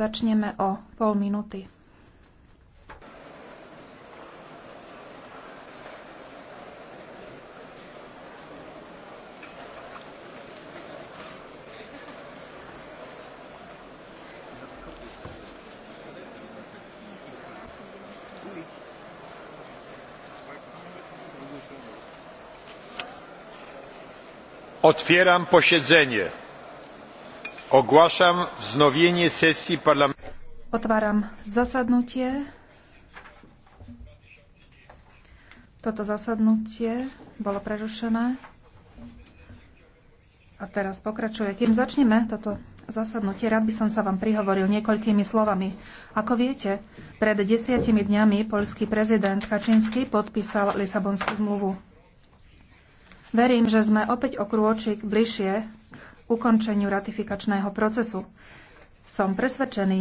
Začneme o pol minúty. Otwieram posiedzenie. Ogłaszam wznowienie sesji parlamentu. Otváram zasadnutie. Toto zasadnutie bolo prerušené. A teraz pokračuje. Kým začneme toto zasadnutie, rád by som sa vám prihovoril niekoľkými slovami. Ako viete, pred desiatimi dňami polský prezident Kačinsky podpísal Lisabonskú zmluvu. Verím, že sme opäť o krôčik bližšie ukončeniu ratifikačného procesu. Som presvedčený,